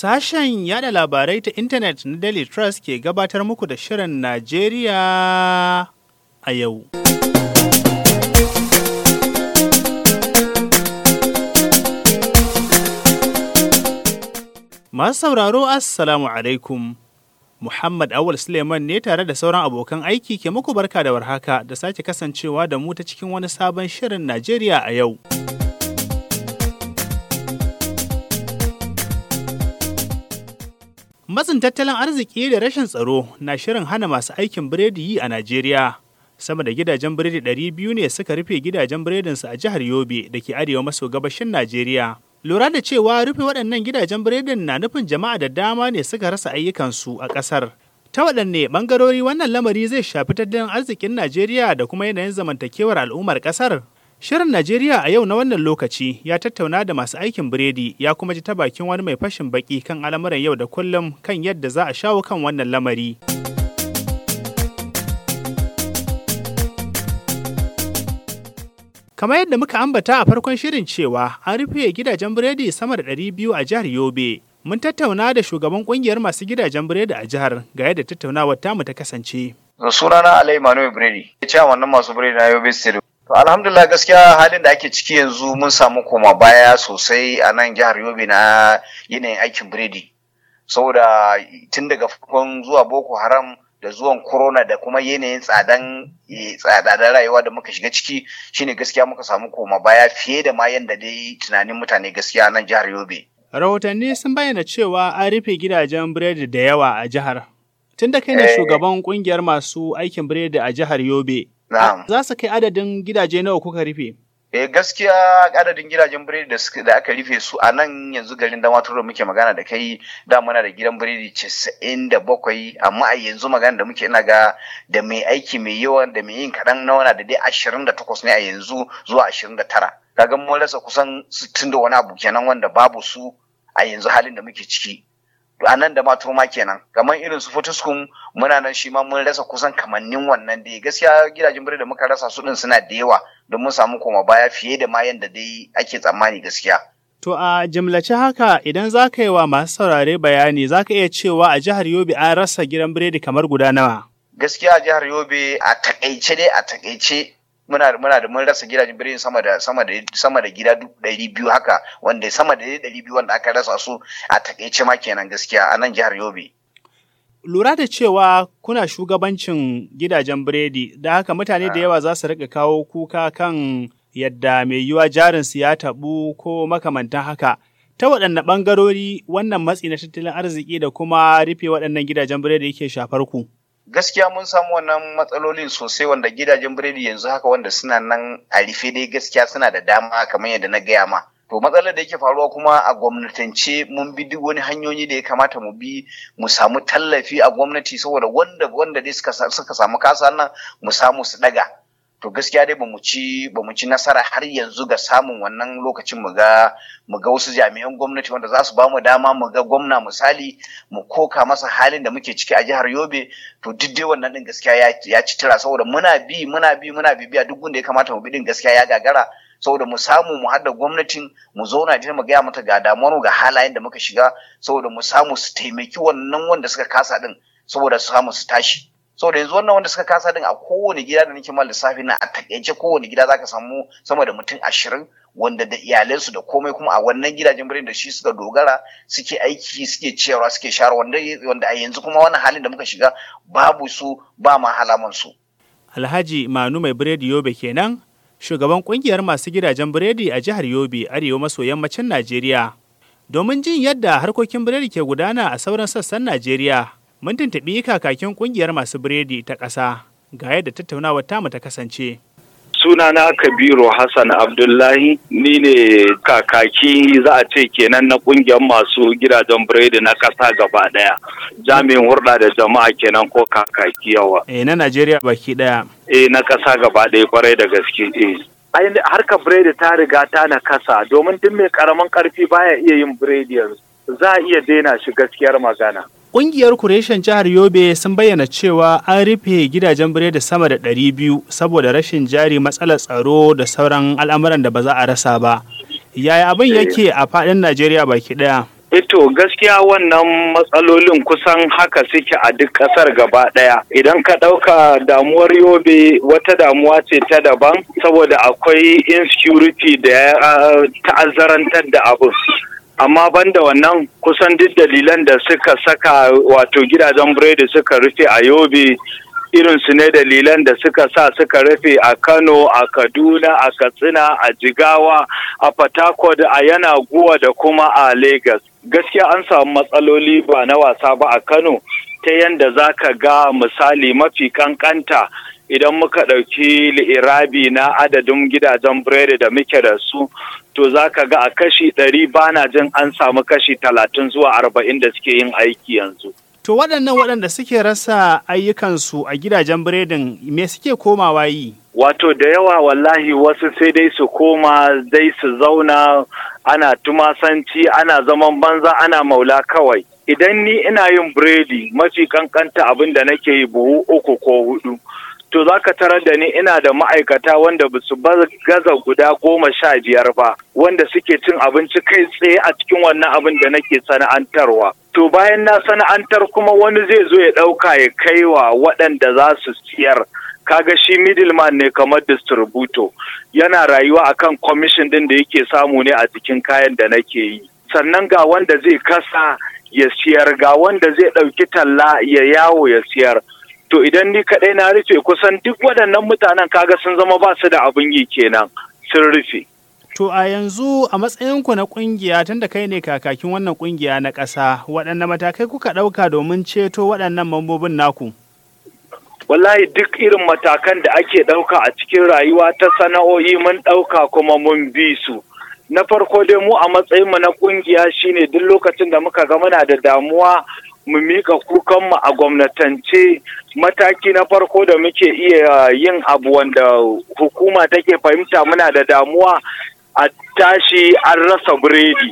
Sashen yada labarai ta intanet na Daily Trust ke gabatar muku da Shirin Najeriya a yau. Masu sauraro Assalamu alaikum. Muhammad Awul Suleiman ne tare da sauran abokan aiki ke muku barka da warhaka da sake kasancewa da mu ta cikin wani sabon Shirin Najeriya a yau. Matsin tattalin arziki da rashin tsaro na shirin hana masu aikin biredi yi a Najeriya. Sama da gidajen biredi ɗari biyu ne suka rufe gidajen biredinsu a jihar Yobe da ke arewa maso gabashin Najeriya. Lura da cewa rufe waɗannan gidajen biredin na nufin jama'a da dama ne suka rasa ayyukansu a ƙasar. Ta waɗanne ɓangarori wannan lamari zai shafi tattalin arzikin Najeriya da kuma yanayin zamantakewar al'ummar ƙasar? Shirin Najeriya a yau na wannan lokaci ya tattauna da masu aikin biredi ya kuma ji ta bakin wani mai fashin baki kan al'amuran yau da kullum kan yadda za a shawo kan wannan lamari. Kamar yadda muka ambata a farkon shirin cewa an rufe gidajen biredi sama da 200 a jihar Yobe. Mun tattauna da shugaban kungiyar masu gidajen biredi a jihar ga yadda tattaunawar tamu ta kasance. Sunana Alai Manuel Biredi, ya ce wannan masu biredi na Yobe State To alhamdulillah gaskiya halin da ake ciki yanzu mun samu koma baya sosai a nan jihar Yobe na yanayin aikin biredi. Saboda tun daga farkon zuwa Boko Haram da zuwan corona da kuma yanayin tsadan eh, tsadadan rayuwa da muka shiga ciki shine gaskiya muka samu koma baya fiye da ma yanda dai tunanin mutane gaskiya nan jihar Yobe. Rahotanni sun bayyana cewa an rufe gidajen biredi da yawa a jihar. Tun da kai ne eh. shugaban kungiyar masu aikin biredi a jihar Yobe, Za su kai adadin gidaje nawa kuka rufe? Eh gaskiya adadin gidajen biredi da aka rufe su a nan yanzu garin Damatur da muke magana da kai da muna da gidan biredi casa'in da bakwai amma a yanzu magana da muke ina ga da mai aiki mai yawan da mai yin kaɗan na wana da dai ashirin da takwas ne a yanzu zuwa ashirin da tara. Kaga mun rasa kusan sittin da wani abu kenan wanda babu su a yanzu halin da muke ciki. a nan da matoma kenan kamar irin su fotoskun muna nan shi ma mun rasa kusan kamannin wannan dai gaskiya gidajen birni da muka rasa su din suna da yawa don mun samu koma baya fiye da ma yanda dai ake tsammani gaskiya To a jimlace haka idan za ka yi wa masu saurare bayani za ka iya cewa a jihar Yobe an rasa gidan biredi kamar guda nawa. Gaskiya a jihar Yobe a takaice dai a takaice muna da mun rasa gidajen birnin sama da sama da sama da gida haka wanda sama da biyu wanda aka rasa su a takaice ma kenan gaskiya a nan jihar Yobe lura da cewa kuna shugabancin gidajen biredi da haka mutane da ah. yawa za su riƙa kawo kuka kan yadda mai yiwa jarinsu ya taɓu ko makamantan haka ta waɗanne ɓangarori wannan matsi na tattalin arziki da kuma rufe waɗannan gidajen biredi yake shafar ku. gaskiya mun samu wannan matsalolin sosai wanda gidajen biredi yanzu haka wanda suna nan a rufe dai gaskiya suna da dama kamar yadda na gaya ma to matsalar da yake faruwa kuma a gwamnatance mun bi duk wani hanyoyi da ya kamata mu bi mu samu tallafi a gwamnati saboda wanda wanda dai suka samu kasa nan mu samu su daga to gaskiya dai bamu ci bamu ci nasara har yanzu ga samun wannan lokacin mu ga mu ga wasu jami'an gwamnati wanda za su ba mu dama mu ga gwamna misali mu koka masa halin da muke ciki a jihar Yobe to duk dai wannan din gaskiya ya ci tira saboda muna bi muna bi muna bibiya duk gunda ya kamata mu bi din gaskiya ya gagara saboda mu samu mu hada gwamnatin mu zauna jira mu gaya mata ga damuwar ga halayen da muka shiga saboda mu samu su taimaki wannan wanda suka kasa din saboda su samu su tashi saboda yanzu wannan wanda suka kasa din a kowane gida da nake ma lissafi na a takaice kowane gida zaka samu sama da mutum ashirin wanda da iyalansu da komai kuma a wannan gidajen birnin da shi suka dogara suke aiki suke ciyarwa suke shara wanda a yanzu kuma wannan halin da muka shiga babu su ba ma halaman su. Alhaji Manu mai biredi Yobe kenan shugaban kungiyar masu gidajen biredi a jihar Yobe arewa maso yammacin Najeriya. Domin jin yadda harkokin biredi ke gudana a sauran sassan Najeriya, Mun tuntuɓi kakakin ƙungiyar masu biredi ta ƙasa ga yadda tattaunawar tamu ta kasance. sunana kabiru hassan abdullahi ni ne kakaki za a ce kenan na kungiyar masu gidajen biredi na kasa gaba daya jami'in hurɗa da jama'a kenan ko kakaki yawa E, na najeriya baki daya E, eh, na kasa gaba daya kwarai da gaske eh harkar biredi ta riga ta na kasa domin tun mai karamin karfi baya iya yin biredi yanzu za a iya daina shi gaskiyar magana. Ƙungiyar Kureshen jihar Yobe sun bayyana cewa an rufe gidajen biredi sama da ɗari biyu saboda rashin jari matsalar tsaro da sauran al'amuran da ba za a rasa ba. Yaya abin yake a faɗin Najeriya baki ɗaya? Ito eh gaskiya wannan matsalolin kusan haka suke a duk ƙasar gaba ɗaya. Idan ka ɗauka damuwar yobe wata damuwa ce ta daban saboda akwai insecurity da ta'azzarantar da abu amma banda wannan kusan duk dalilan da suka saka wato gidajen biredi suka rufe a yobe irin su ne dalilan da suka sa suka rufe a kano a kaduna a katsina a jigawa a Fatakwad, a yana Guwa da kuma a lagos gaskiya an samu matsaloli ba na wasa ba a kano ta yadda za ka ga misali mafi kankanta idan muka ɗauki li'irabi na adadin gidajen biredi da muke da su to za ka ga a kashi ɗari bana jin an samu kashi talatin zuwa arba'in da suke yin aiki yanzu. To waɗannan waɗanda suke rasa ayyukansu a gidajen biredin me suke komawa yi? Wato da yawa wallahi wasu sai dai su koma dai su zauna ana tumasanci ana zaman banza ana maula kawai. Idan ni ina yin biredi mafi kankanta abin da nake yi buhu uku ko hudu. to za ka tarar da ni ina da ma'aikata wanda ba su gaza guda goma sha biyar ba wanda suke cin abinci kai tsaye a cikin wannan abin da nake sana'antarwa to bayan na sana'antar kuma wani zai zo ya ɗauka ya kai wa waɗanda za su siyar kaga shi middleman ne kamar distributor yana rayuwa akan commission din da yake samu ne a cikin kayan da nake yi sannan ga wanda zai kasa ya siyar ga wanda zai ɗauki talla ya yawo ya siyar to idan ni kaɗai na rufe kusan duk waɗannan mutanen kaga sun zama ba su da abin yi kenan sun rufe. To a yanzu a matsayinku na ƙungiya tun da kai ne kakakin wannan ƙungiya na ƙasa waɗanne matakai kuka ɗauka domin ceto waɗannan mambobin naku? Wallahi duk irin matakan da ake ɗauka a cikin rayuwa ta sana'o'i mun ɗauka kuma mun bi su. Na farko dai mu a matsayinmu na ƙungiya shine duk lokacin da muka ga muna da damuwa mu mika kukanmu a gwamnatance mataki na farko da muke iya yin abu wanda hukuma take fahimta muna da damuwa a tashi an rasa biredi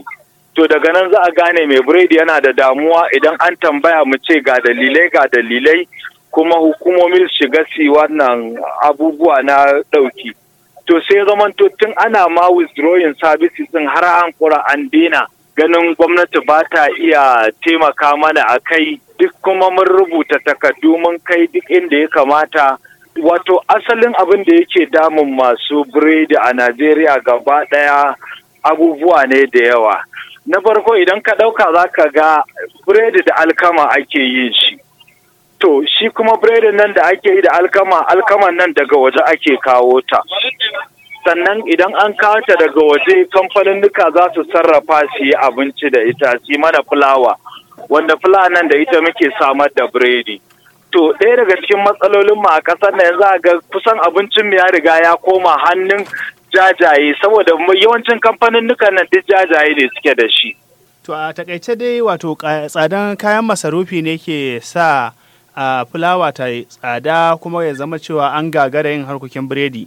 to daga nan za a gane mai biredi yana da damuwa idan an tambaya mu ce ga dalilai ga dalilai kuma hukumomin shiga si wannan abubuwa na ɗauki to sai zamanto tun ana ma withdrawing services har an kura an dina ganin gwamnati ba ta iya taimaka mana a kai duk kuma mun rubuta takardu mun kai duk inda ya kamata wato asalin abin da yake damun masu biredi a najeriya gaba ɗaya abubuwa ne da yawa na farko idan ka ɗauka za ka ga biredi da alkama ake yin shi to shi kuma biredin nan da ake yi da alkama alkaman nan daga waje ake kawo ta sannan idan an kawo daga waje kamfanin duka za su sarrafa shi abinci da ita shi mana fulawa wanda fulawa nan da ita muke samar da biredi to ɗaya daga cikin matsalolin mu a ƙasar nan za ga kusan abincin mu ya riga ya koma hannun jajaye saboda yawancin kamfanin duka nan duk jajaye ne suke da shi to a takaice dai wato tsadan kayan masarufi ne ke sa a fulawa ta tsada kuma ya zama cewa an gagara yin harkokin biredi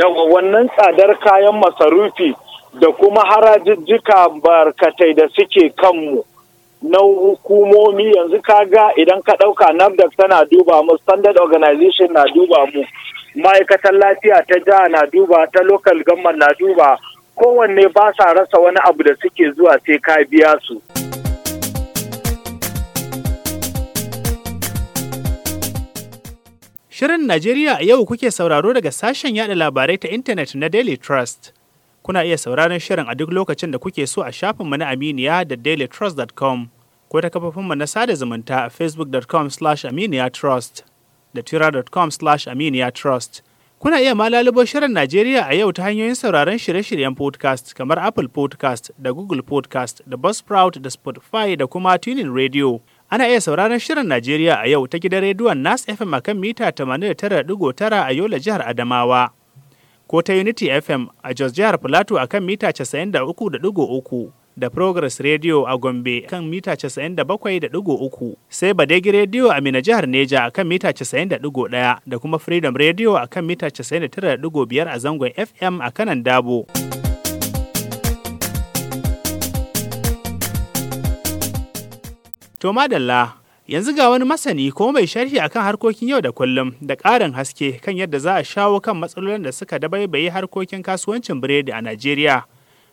yawa wannan tsadar kayan masarufi da kuma harajijjika barkatai da suke kanmu na hukumomi yanzu ga idan ka ɗauka nafdak tana duba mu standard organization na duba mu ma'aikatan lafiya ta jiha na duba ta local government na duba kowanne ba sa rasa wani abu da suke zuwa sai ka biya su. Shirin Najeriya a yau kuke sauraro daga sashen yada labarai ta intanet na Daily Trust. Kuna iya sauraron shirin a duk lokacin da kuke so a shafinmu na Aminiya da dailytrust.com ko ta kafafin na sada zumunta a facebook.com slash aminiyatrust da twitter.com slash aminiyatrust. Kuna iya ma lalubo shirin Najeriya a yau ta hanyoyin sauraron shirye-shiryen podcast kamar Apple podcast da Google podcast da Buzzsprout da Spotify da kuma Tuning Radio. Ana iya sauraron shirin Najeriya a yau ta gidan rediyon Nas FM kan mita 89.9 a Yola jihar Adamawa, ko ta Unity FM a Jos jihar Plateau kan mita 93.3 da Progress Radio a Gombe kan mita 97.3, sai Badegi Radio a Mina jihar Neja a kan mita 91 da kuma Freedom Radio a kan mita 99.5 a zangon FM a kanan Dabo. To madalla, yanzu ga wani masani ko mai sharhi akan harkokin yau da kullum da ƙarin haske kan yadda za a shawo kan matsalolin da suka dabaibaye harkokin kasuwancin biredi a Najeriya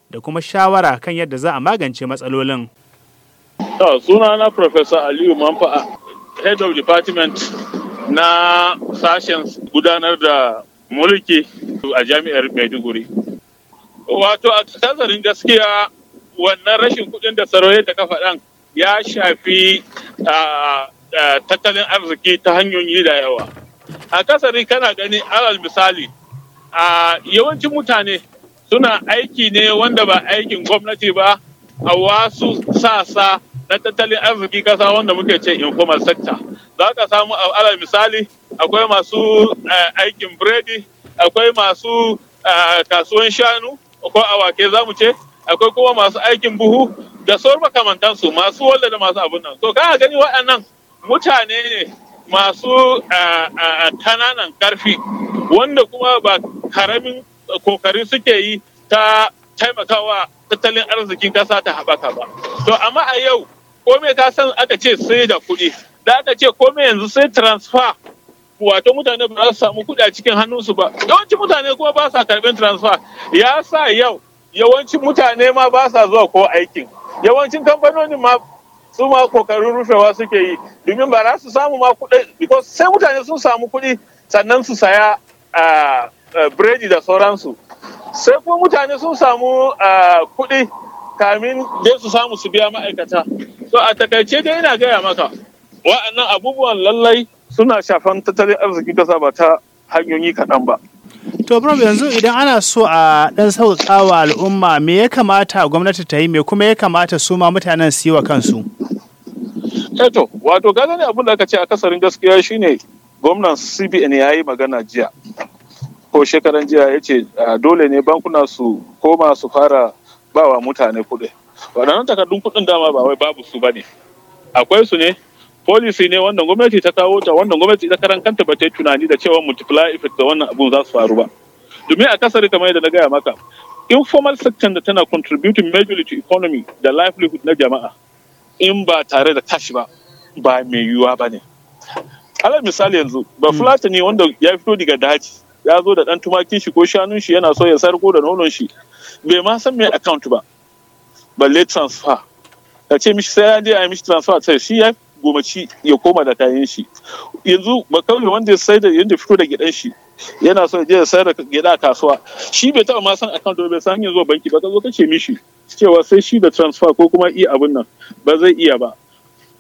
da kuma shawara kan yadda za a magance matsalolin. Sunana Professor Aliyu Manfa'a, Head of Department na sashen gudanar da mulki a jami'ar Maiduguri. Wato a tazarin gaskiya wannan rashin kuɗin da saroye da kafa ɗan ya shafi tattalin arziki ta hanyoyi da yawa a kasari kana gani alal misali a yawancin mutane suna aiki ne wanda ba aikin gwamnati ba a wasu sasa na tattalin arziki kasa wanda muke ce informal sector za ka samu alal misali akwai masu aikin biredi akwai masu kasuwan shanu akwai awake za mu ce akwai kuma masu aikin buhu da sauran makamantansu masu wanda da masu abun nan to kana gani waɗannan mutane ne masu kananan karfi wanda kuma ba karamin kokari suke yi ta taimakawa tattalin arzikin kasa ta haɓaka ba to amma a yau komai ka san aka ce sai da kuɗi da aka ce komai yanzu sai transfer wato mutane ba za su samu kuɗi a cikin hannunsu ba Yawancin mutane kuma ba sa karɓin transfer ya sa yau yawancin mutane ma ba sa zuwa ko aikin yawancin kamfanonin ma su ma kokarin rufewa suke yi domin ba za su samu ma kuɗi because sai mutane sun samu kuɗi sannan su saya biredi da sauransu sai kuma mutane sun samu kuɗi kamin dai su samu su biya ma'aikata so a takaice dai ina gaya maka wa'annan abubuwan lallai suna shafan tattalin arzikin kasa ba ta hanyoyi kaɗan ba. To Prof yanzu idan ana so a ɗan sauƙaƙa wa al'umma me ya kamata gwamnati ta yi me kuma ya kamata su ma mutanen su yi wa kansu? Eto, eh, wato gane ne abin da aka ce a kasarin gaskiya shine gwamnan CBN ya yi magana jiya. Ko shekaran jiya ya ce dole ne bankuna su koma su fara bawa mutane kuɗi. Waɗannan takardun kuɗin dama ba wai babu su ba ne. Akwai su ne policy ne wannan gwamnati ta kawo ta wannan gwamnati ita karan kanta ba ta yi tunani da cewa multiply effect da wannan abun za su faru ba domin a kasari kamar da na gaya maka informal sector da tana contributing majorly to economy da livelihood na jama'a in ba tare da cash ba ba mai yiwuwa ba ne alal misali yanzu ba hmm. fulata ne wanda ya fito daga daji ya zo da dan tumakin shi ko shanun shi yana so ya sarko da nonon shi bai ma san mai account ba balle transfer ka ce mishi sai ya je a yi mishi transfer sai shi ya gomaci ya koma da kayan shi yanzu makauye wanda ya sai da yanda fito da gidan shi yana so ya sai da gida kasuwa shi bai taba ma san account bai san yanzu banki ba ka zo kace mishi cewa sai shi da transfer ko kuma iya abun nan ba zai iya ba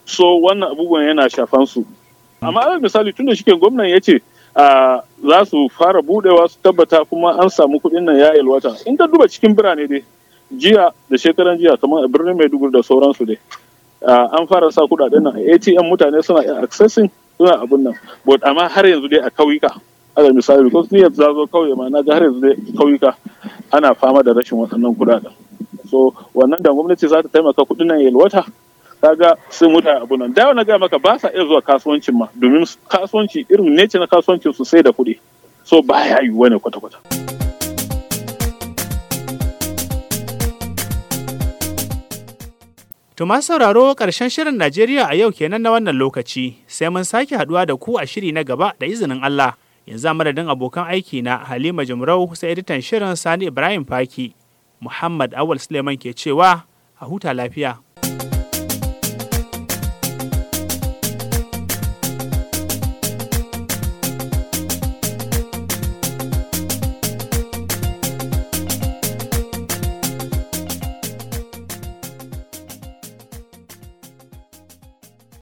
so wannan abubuwan yana shafan su amma alal misali tunda shike gwamnan ya ce za su fara budewa su tabbata kuma an samu kuɗin nan ya ilwata. in ka duba cikin birane dai jiya da shekaran jiya kamar birnin maiduguri da sauransu dai Ah, an fara sa kudaden nan atm mutane suna accessing suna abun nan but amma har yanzu dai a kauyuka ala misali because ni yanzu zazo kauye ma na ga har yanzu dai kauyuka ana fama da rashin waɗannan kudaden so wannan da gwamnati za ta taimaka kudin nan yalwata kaga sun muta abu nan da na ga maka ba sa iya zuwa kasuwancin ma domin kasuwanci irin ne na kasuwancin su sai da kuɗi so baya yiwuwa ne kwata-kwata. To masu sauraro ƙarshen shirin Najeriya a yau kenan na wannan lokaci, sai mun sake haduwa da ku a shiri na gaba da izinin Allah. Yanzu a madadin abokan aiki na Halima Jumrau sai editan shirin Sani Ibrahim Faki, Muhammad Awal Suleiman ke cewa a huta lafiya.